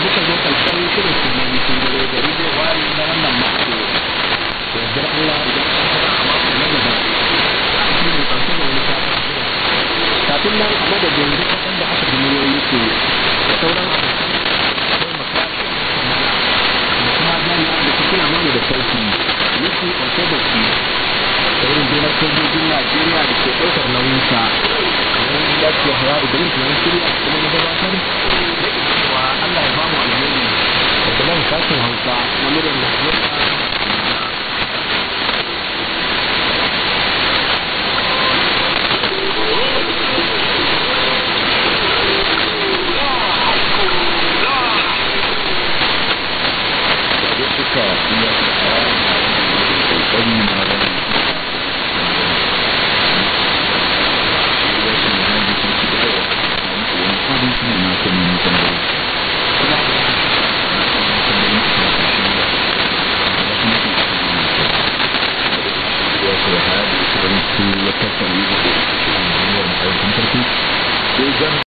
muka zo karshen shirin su ne mutum dare gari zai wari na wannan mako yadda Allah idan an fara a mako na gaba a cikin da da wani kafin nan a madadin duk waɗanda aka ji miliyoyi ke da sauran abokan taimaka da kuma da ta kula da sauki yake ɗauke da shi sojojin Najeriya da ke ɗaukar nauyinsa kamar yadda Hawa Idris ya shirya kuma na gabatar da Allah That's what I'm talking. I'm going to Thank you. que eu quero saber. Eu já